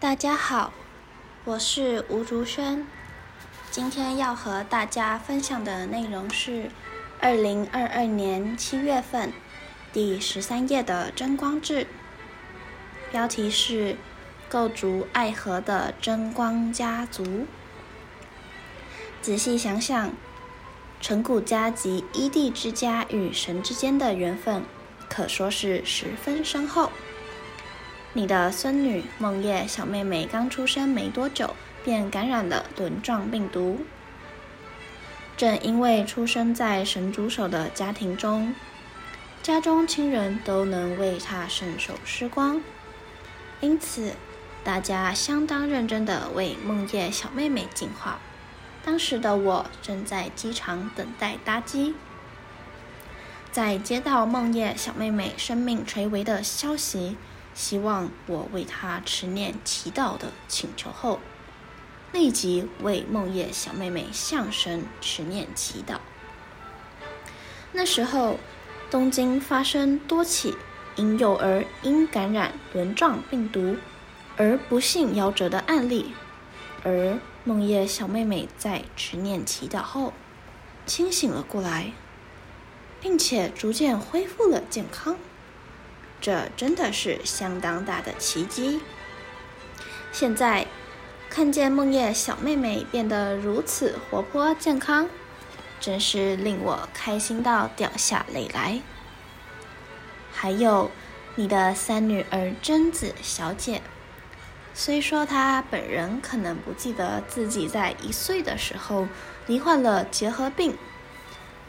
大家好，我是吳竹軒，今天要和大家分享的內容是二零二二年七月份第十三頁的《真光誌》，標題是“構築愛和的真光家族”。仔細想想，成古家及伊地之家與神之間的緣分，可說是十分深厚。你的孫女夢葉小妹妹剛出生沒多久，便感染了輪狀病毒。正因為出生在神組手的家庭中，家中親人都能為她伸手施光，因此大家相當認真地為夢葉小妹妹進化。當時的我正在機場等待搭機，在接到夢葉小妹妹生命垂危的消息。希望我為他持念祈禱的請求後，立即為夢葉小妹妹向神持念祈禱。那時候，東京發生多起嬰幼兒因感染輪狀病毒而不幸夭折的案例，而夢葉小妹妹在持念祈禱後清醒了過來，並且逐漸恢復了健康。這真的是相當大的奇蹟。現在看見夢葉小妹妹變得如此活潑健康，真是令我開心到掉下淚來。還有你的三女兒貞子小姐，雖說她本人可能不記得自己在一歲的時候罹患了結核病，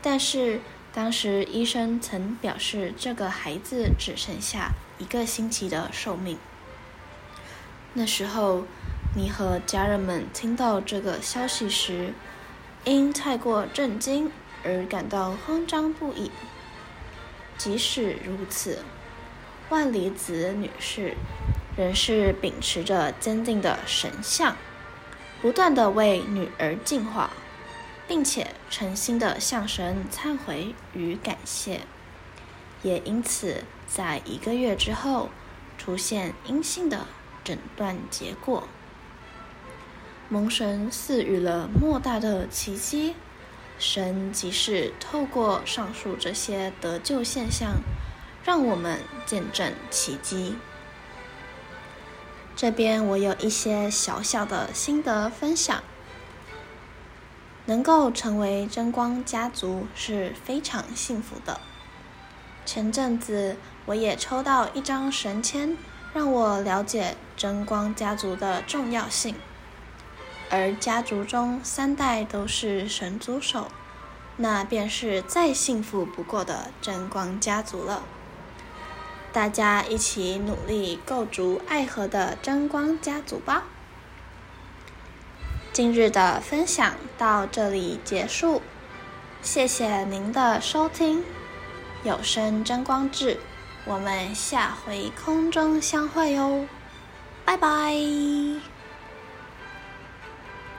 但是當時醫生曾表示，這個孩子只剩下一個星期的壽命。那時候，你和家人們聽到這個消息時，因太過震驚而感到慌張不已。即使如此，萬里子女士仍是秉持着堅定的神像，不斷的為女兒淨化。並且誠心的向神懺悔與感謝，也因此在一個月之後出現陰性的診斷結果。蒙神賜予了莫大的奇蹟，神即是透過上述這些得救現象，讓我們見證奇蹟。這邊我有一些小小的心得分享。能夠成為真光家族是非常幸福的。前陣子我也抽到一張神籤，讓我了解真光家族的重要性。而家族中三代都是神組手，那便是再幸福不過的真光家族了。大家一起努力構築愛和的真光家族吧！今日的分享到這裡結束，謝謝您的收聽。有聲真光誌，我們下回空中相會喲，拜拜。